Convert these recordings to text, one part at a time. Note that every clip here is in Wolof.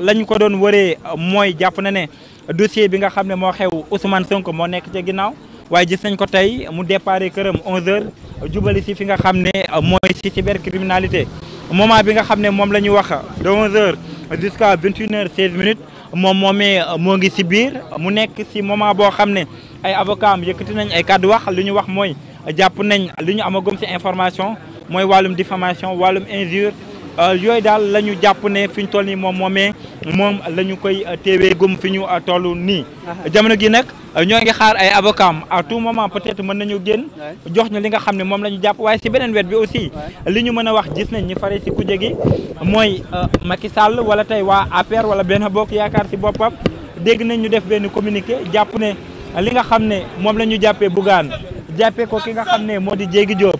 lañ ko doon wëree mooy jàpp na ne dossier bi nga xam ne moo xew Ousmane Sonko moo nekk ca ginnaaw waaye gis nañ ko tey mu déparé këram 11h jubali si fi nga xam ne mooy si cybercriminalité moment bi nga xam ne moom la ñu wax de 11h jusqu'à 21h 16 minutes moom moomee moo ngi si biir mu nekk si moment boo xam ne ay avocat am yëkkati nañ ay kàddu wax lu ñu wax mooy jàpp nañ li ñu amagum si information mooy wàllum diffamation wàllum injure Euh, yooyu daal la ñu jàpp ne fi ñu toll nii moom moomee moom la ñu koy euh, teewee gum fi ñu euh, nii. jamono gi nag ñoo ngi xaar ay avocat am à tout moment peut-être mën nañu génn. jox ñu li nga xam ne moom lañu jàpp waaye si beneen wet bi aussi. li ñu mën a wax gis nañ ñi fare si kuje gi mooy Macky Sall wala tey waa APR wala benn bokk yaakaar si boppam dégg nañ ñu def benn communiqué jàpp ne li nga xam ne moom la ñu jàppee Bougane jàppee ko ki nga xam ne moo di Diégui Diop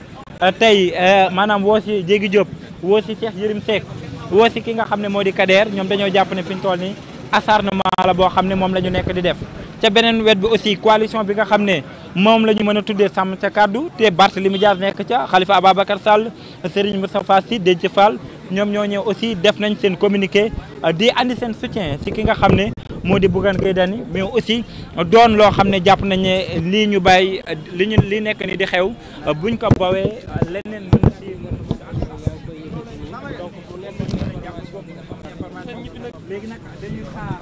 tey maanaam woo si Diégui Diop woo si Cheikh Yérim Seck woo si ki nga xam ne moo di kadeer ñoom dañoo jàpp ne fi ñu toll nii acharnement la boo xam ne moom la ñu nekk di def ca beneen wet bi aussi coalition bi nga xam ne moom la ñu mën a tuddee sàmm ca kàddu te Barthélémy Dias nekk ca Khalifa Ababacar Sall Serigne Moustapha Sy Déthié fal ñoom ñoo ñëw aussi def nañ seen communiqué di andi seen soutien si ki nga xam ne moo di Bougane Gueye Dany mais aussi doon loo xam ne jàpp nañ ne ñu bàyyi li ñu nekk ni di xew buñ ko bawee leneen mën léegi nag dañuy xaar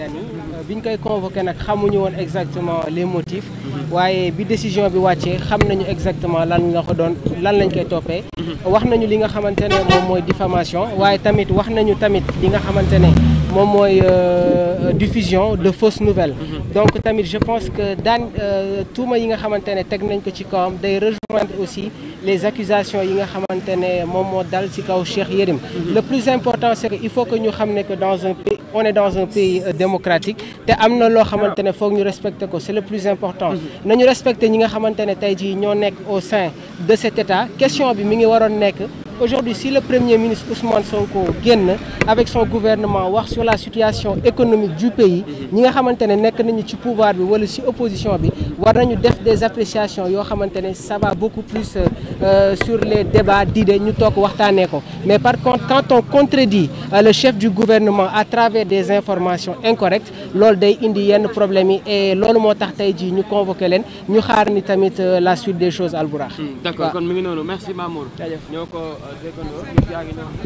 euh, bi ñu koy convoqué nag xamuñu woon exactement les motifs mhm. waaye bi décision bi wàccee xam nañu exactement lan nga ko doon lan lañ koy toppee mhm. wax nañu li nga xamante ne moom mooy diffamation waaye tamit wax nañu tamit li nga xamante ne moom mooy euh, euh, diffusion de fausses nouvelles mhm. donc tamit je pense que daan euh, tuuma yi nga xamante ne teg nañ ko ci kawam day rejoindre aussi les accusations yi nga xamante ne moom moo dal ci kaw Cheikh Yérim mhm. le plus important c'est que il faut que ñu xam ne que dans un pays on est démocratique te am na loo xamante ne foog ñu respecter ko c'est le plus important mhm. nañu respecter ñi nga xamante ne tey jii ñoo nekk au sein de cet état question bi mi ngi waroon nekk Aujourd'hui, si le Premier ministre Ousmane Sonko génn avec son gouvernement wax sur la situation économique du pays ñi nga xamante ne nekk nañu ci pouvoir bi wala ci opposition bi war nañu def des appréciations yoo xamante ne ça va beaucoup plus euh, euh, sur les débats d'idées ñu toog waxtaanee ko mais par contre quand on contredit euh, le chef du gouvernement à travers des informations incorrectes loolu day indi yenn problème yi et loolu moo tax tey jii ñu convoqué leen ñu xaar ni tamit euh, la suite des choses Albourakh. Hmm, d'accord kon mi ngi noonu merci Mamour. ñoo ko déggandoo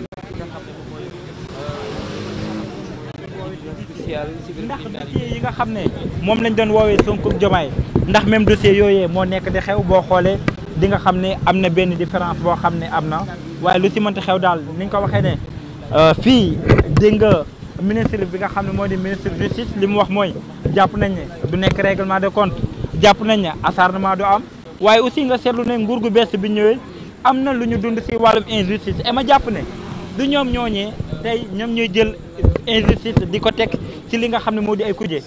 xam ne moom lañ doon woowee Sonko Diomaye ndax même dossier yooyee moo nekk di xew boo xoolee di nga xam ne am na benn différence boo xam ne am na waaye lu si mënti xew daal ni nga ko waxee ne euh, fii dégg nga ministre bi nga xam ne moo di ministre justice li mu wax mooy jàpp nañ ne du nekk règlement de compte jàpp nañ ne acharnement du am waaye aussi nga seetlu ne nguur gu bees bi ñëwee am na lu ñu dund si wàllum injustice et ma jàpp ne du ñoom ñooñee tey ñoom ñooy jël injustice di ko teg ci li nga xam ne moo di ay kuje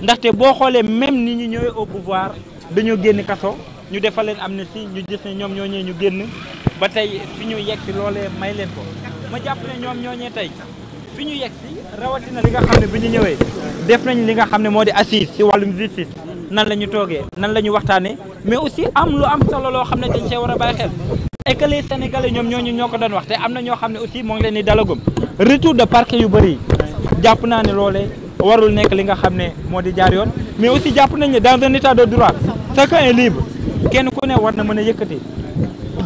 ndaxte boo xoolee même ni ñu ñëwee au pouvoir dañoo génn kaso ñu defal leen am amnistie ñu gis ne ñoom ñooñee ñu génn ba tey fi ñu yegg si loolee may leen ko ma jàpp ne ñoom ñooñee tey fi ñu yegg si rawatina li nga xam ne bi ñu ñëwee def nañ li nga xam ne moo di assise si wàllum justice nan la ñu toogee nan la ñu waxtaanee mais aussi am lu am solo loo xam ne dañ cee war a bàyyi xel et que les sénégalais ñoom ñooñu ñoo ko doon wax te am na ñoo xam ne aussi moo ngi leen di dalagum retour de parquet yu bëri jàpp naa ne loolee warul nekk li nga xam ne moo di jaar yoon mais aussi jàpp nañ ne dans un état de droit chacun est libre kenn ku ne war na mën a yëkkati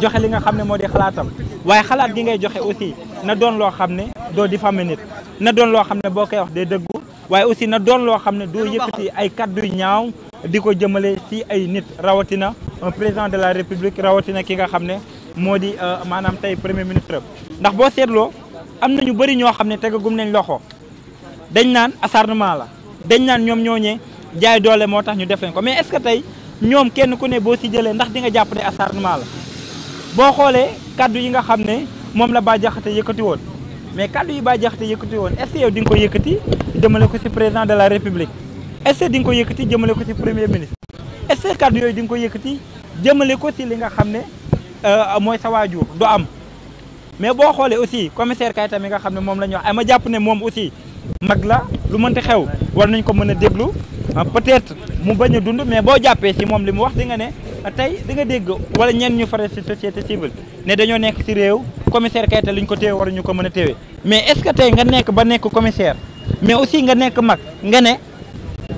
joxe li nga xam ne moo di xalaatam waaye xalaat gi ngay joxe aussi na doon loo xam ne doo di diffamer nit na doon loo xam ne boo koy wax day dëggu waaye aussi na doon loo xam ne doo yëkkati ay kaddu ñaaw di ko jëmale ci ay nit rawatina un président de la république rawatina ki nga xam ne moo di euh, maanaam tey premier ministre ndax boo seetloo am na ñu bëri ñoo xam ne tegagum nañ loxo. dañ naan acharnement la dañ naan ñoom ñooñee jaay doole moo tax ñu def leen ko mais est-ce que tey ñoom kenn ku ne boo si jëlee ndax di nga jàpp ne acharnement la boo xoolee kàddu yi nga xam ne moom la Bah Diakhaté woon mais kaddu yi Bah Diakhaté yëkkati woon est-ce di nga ko yëkkati jëmale ko si président de la république est-ce ko yëkkati jëmale ko si premier ministre est-ce que di nga ko yëkkati jëmale ko si li nga xam ne euh, mooy sa du am mais boo xoolee aussi commissaire Keita mi nga xam ne moom la ñu wax ay ma jàpp ne moom aussi mag la lu mënti xew war nañ ko mën a déglu ah, peut-être mu bañ a dund mais boo jàppee ci moom li mu wax di nga ne ah, tey di nga dégg wala ñeen ñu faral ci société civile ne dañoo nekk ci réew commissaire Keita li ñu ko téye waruñu ko mën a téye mais est-ce que tey nga nekk ba nekk commissaire mais aussi nga nekk mag nga ne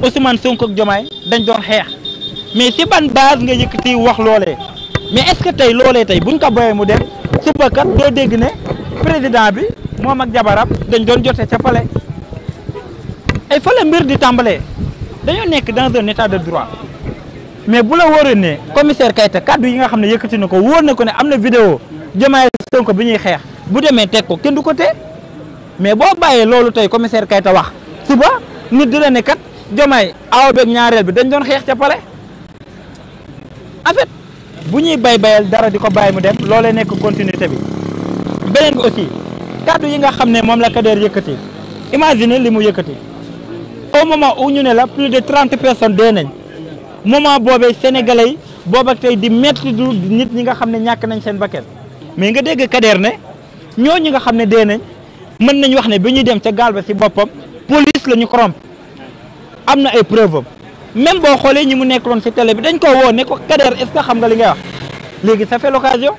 Ousmane Sonko ak Diomaye dañ doon xeex mais ci ban base nga yëkkati wax loole mais est-ce que tey loolee tey buñ ko boyee mu dem suba kat doo dégg ne président bi moom ak jabaram dañ doon jotee ca palais ay fa mbir di tàmbalee dañoo nekk dans un de droit mais bu la wóoree ne commissaire Keita kàddu yi nga xam ne yëkkati na ko wóor na ko ne am na vidéo sën ko bi ñuy xeex bu demee teg ko kenn du ko tee mais boo bàyyee loolu tey commissaire kayta wax suba nit dina ne kat Diomaye aw beeg ñaareel bi dañ doon xeex ca pale en fait bu ñuy bay bayal dara di ko bàyyi mu dem loolee nekk continuité bi beneen bi aussi kaddu yi nga xam ne moom la Kader yëkkati imagine li mu yëkkati. au moment où ñu ne la plus de trente personnes dee nañ moment boobee sénégalais yi booba tey di métti du nit ñi nga xam ne ñàkk nañ seen bakkan mais nga dégg Kader ne ñi nga xam ne dee nañ mën nañ wax ne bi ñuy dem ca gaal ba si boppam police la ñu corrompe am na ay preuve am même boo xoolee ñi mu nekkoon si télé bi dañ ko woo ne ko Kader est ce que xam nga li ngay wax léegi sa fait l'occasion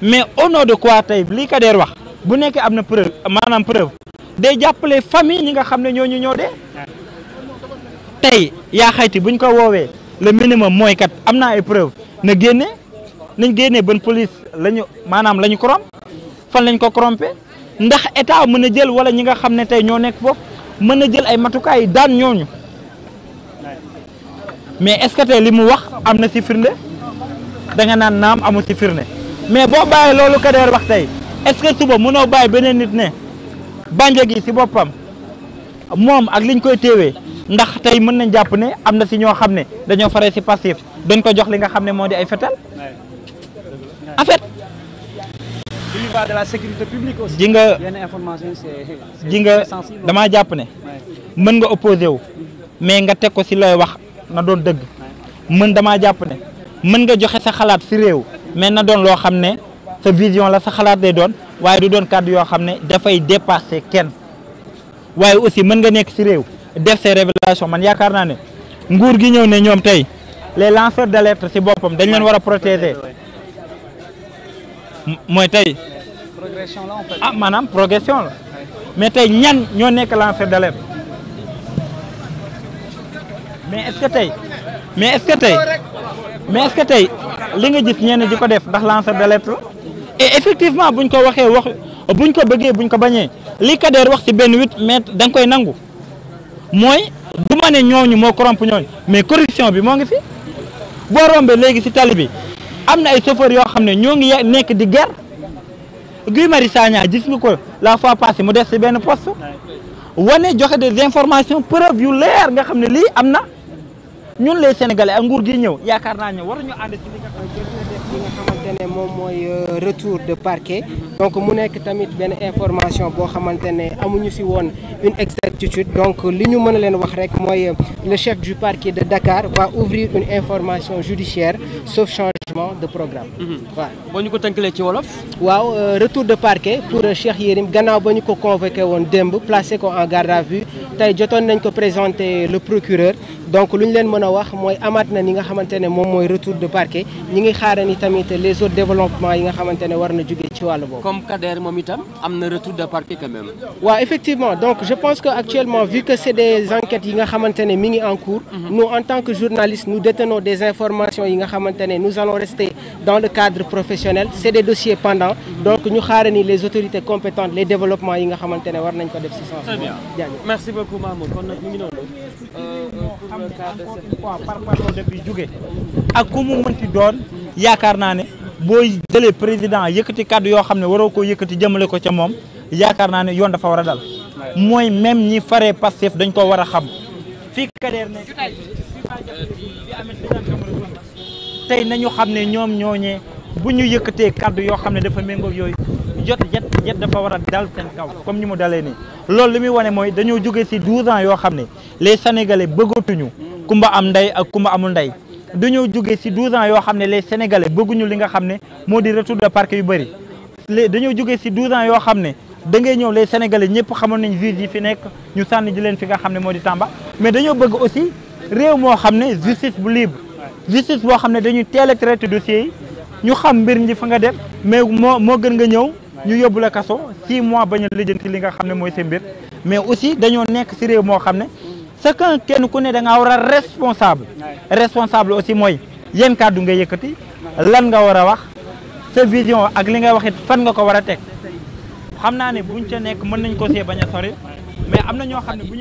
mais au nom de quoi tey lii Kader wax bu nekkee am na preuve maanaam preuve day jàppale famille ñi nga xam ne ñooñu ñoo de tey yaa xayti buñ ko woowee le minimum mooy kat am naa ay preuve na génne nañ génnee ban police lañu maanaam la ñu korom fan lañ ko corrompé ndax état mën a jël wala ñi nga xam ne tey ñoo nekk foofu mën a jël ay matukaay yi daan ñooñu mais est-ce que li mu wax am na ci firnde danga naan naam amu ci firnde mais boo bàyyee loolu Kader wax tey est-ce que suba mënoo bàyyi beneen nit ne bànje gi si boppam moom ak liñ koy téewee ndax tey mën nañ jàpp ne am na si ñoo xam ne dañoo faree si passif dañ ko jox li nga xam ne moo di ay fetal en fait la sécurité publique aussi. ji nga ji nga damaa jàpp ne mën nga opposé wu mais nga teg ko si looy wax na doon dëgg mën damaa jàpp ne mën nga joxe sa xalaat si réew mais na doon loo xam ne sa vision la sa xalaat day doon waaye du doon kàddu yoo xam ne dafay dépasser kenn waaye aussi mën nga nekk ci réew def ses révélations man yaakaar naa ne nguur gi ñëw ne ñoom tey les lanceurs d'alerte ci boppam dañ leen war a protéger mooy tey ah maanaam progression la mais tey ñan ñoo nekk lanceur d'alerte mais est-ce que tey mais est-ce que tey mais est-ce que tey li nga gis ñenn di ko def ndax lanceur d'alerte la et effectivement ñu ko waxee wax buñ ko bëggee buñ ko bañee li Kader wax ci benn huit mètre da nga koy nangu mooy du ma ne ñooñu moo corrompe ñooñu mais corruption bi moo ngi fi boo rombee léegi ci tali bi am na ay chauffeur yoo xam ne ñoo ngi nekk di ger Guy Marius Sagna gis nga ko la fois passée mu des ci benn poste wane joxe des informations preuve yu leer nga xam ne lii am na ñun les sénégalais ak nguur gi ñëw yaakaar naa ne waruñu ànd ci li li nga xamante moom mooy euh, retour de parquet donc mu nekk tamit benn information boo xamante ne amuñu fi woon une exactitude donc li ñu mën a leen wax rek mooy euh, le chef du parquet de Dakar va ouvrir une information judiciaire sauf change de programme. Mhm. waaw boo ñu ko tënkalee ci wolof. waaw euh, retour de parquet pour euh, Cheikh Yérim gannaaw ba ñu ko convoqué woon démb placé ko en garde à vue tey jotoon nañ ko présenter le procureur donc lu ñu leen mën a wax mooy amaat na ni nga xamante moom mooy retour de parquet ñi ngi xaarani tamit les autres développements yi nga xamante ne jóge ci wàllu boobu. comme Kader moom itam am na retour de parquet quand même. waaw effectivement donc je pense que actuellement vu que c'est des enquêtes yi nga rester dans le cadre professionnel c'est ñu xaare ni les autorités compétentes les développements yi nga xamante ne war nañ ko def si sens très bien merci beaucoup jóge euh, ak ku mu mënti doon yaakaar naa ne booy jëlee président yëkkati kàddu yoo xam ne waroo koo yëkkati jëmale ko ca moom yaakaar naa ne yoon dafa war a dal mooy même ñi fare Pastef dañ ko war a xam tey nañu xam ne ñoom ñooñee bu ñu yëkkatee kàddu yoo xam ne dafa méngoog yooyu jot jet jet dafa war a dal seen kaw comme ni mu dalee nii loolu li muy wane mooy dañoo jógee si 12 ans yoo xam ne les sénégalais bëggatuñu kumba am ndey ak kumba amul ndey dañoo jóge ci 12 ans yoo xam ne les sénégalais bëgguñu li nga xam ne moo di retour de parquet yu bëri les dañoo jóge si 12 yoo xam ne da ngay ñëw les sénégalais ñëpp xamoon nañu juge yi fi nekk ñu sànni ji leen fi nga xam ne moo di Tamba mais dañoo bëgg aussi réew moo xam ne justice bu libre justice boo xam ne dañuy teel a traité dossiers yi ñu xam mbir ñi fa nga dem mais moo moo gën nga ñëw ñu yóbbu la kaso si mois bañ a lijjanti li nga xam ne mooy seen mbir mais aussi dañoo nekk si réew moo xam ne chacun kenn ku ne da ngaa war a responsable responsable aussi mooy yéen kàddu nga yëkkati lan nga war a wax sa ak li nga wax it fan nga ko war a teg xam naa ne buñ ca nekk mën nañ ko see bañ a sori mais am na ñoo xam ne bu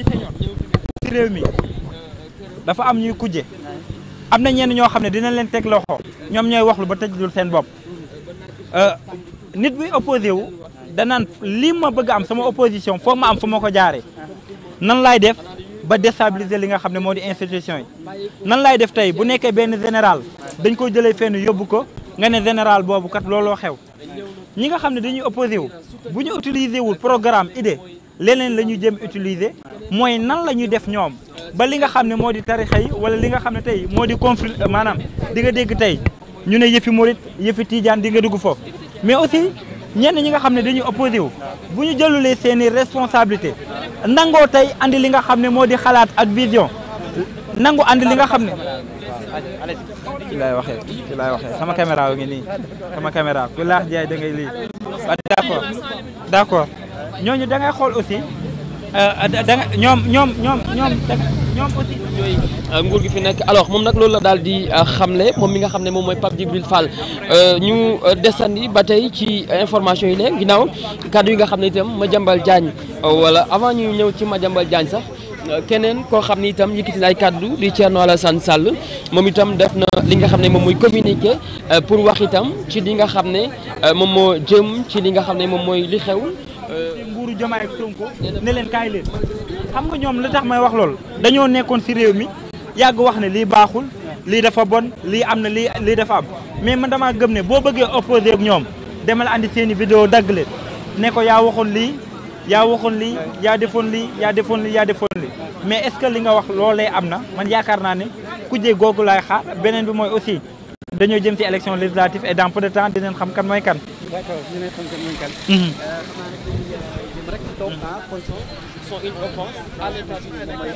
réew mi dafa am ñuy kujje am na ñenn ñoo xam ne dinañ leen teg loxo ñoom ñooy waxlu ba tëjlul seen bopp euh, nit buy opposé wu danaan lii ma bëgg am sama opposition foo ma am fu ma ko jaaree nan laay def ba déstabiliser li nga xam ne moo di institution yi nan laay def tey bu nekkee benn général dañ ko jëlee fenn yóbbu ko nga ne général boobu kat looloo xew ñi nga xam ne dañuy opposé wu bu ñu utiliser wul programme idée leneen la ñu jëm utiliser mooy nan la ñuy def ñoom ba li nga xam ne moo di tarixa yi wala li nga xam ne tey moo di conflit euh, maanaam di nga dégg tey ñu ne yëfi murit yëfi tijaan di nga dugg foofu mais aussi ñenn ñi nga xam ne dañuy opposé bu ñu jëlulee seen i responsabilité nangoo tey andi li nga xam ne moo di xalaat ak vision nangu andi li nga xam ne ci waxee laay waxee sama caméra wu ngi nii sama caméra ku laax jaay da ngay lii ah, d'accord d'accord ñooñu da xool aussi Euh, da nga ñoom ñoom ñoom ñoom euh, nguur gi fi nekk alors moom nag loolu la daal di euh, xamle moom mi nga xam ne moom mooy Pape Djibril Fall ñu desandi ba tey ci information yi ne ginnaaw kàddu yi nga xam ne itam ma Madiambal Diagne wala avant ñuy ñëw ci ma jambal Diagne sax keneen koo xam ne itam yëkkati na ay kàddu di Thierno Alassane Sall moom itam def na li nga xam ne moom mooy communiqué pour wax itam ci li nga xam ne moom moo jëm ci li nga xam ne moom mooy li xew Bassirou ak Sonko ne leen kaay leen xam nga ñoom li tax may wax loolu dañoo nekkoon si réew mi yàgg wax ne lii baaxul lii dafa bon lii am na lii lii dafa am mais man damaa gëm ne boo bëggee opposé ak ñoom demal indi seen i vidéo dagg leen ne ko yaa waxoon lii yaa waxoon lii yaa defoon lii yaa defoon lii yaa defoon lii mais est-ce que li nga wax loolee am na man yaakaar naa ne kujje googu laay xaar beneen bi mooy aussi dañoo jëm ci élection législative et dans peu de temps xam kan mooy kan. d'accord rek toog ah condition sont une offense à l'état civil mooy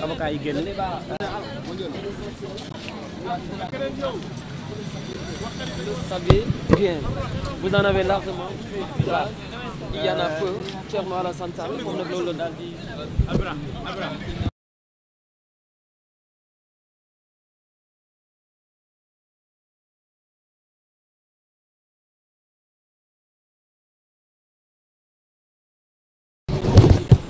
bien, vous en largement là il y a peu Thierno Alassane Sall moom nag loolu la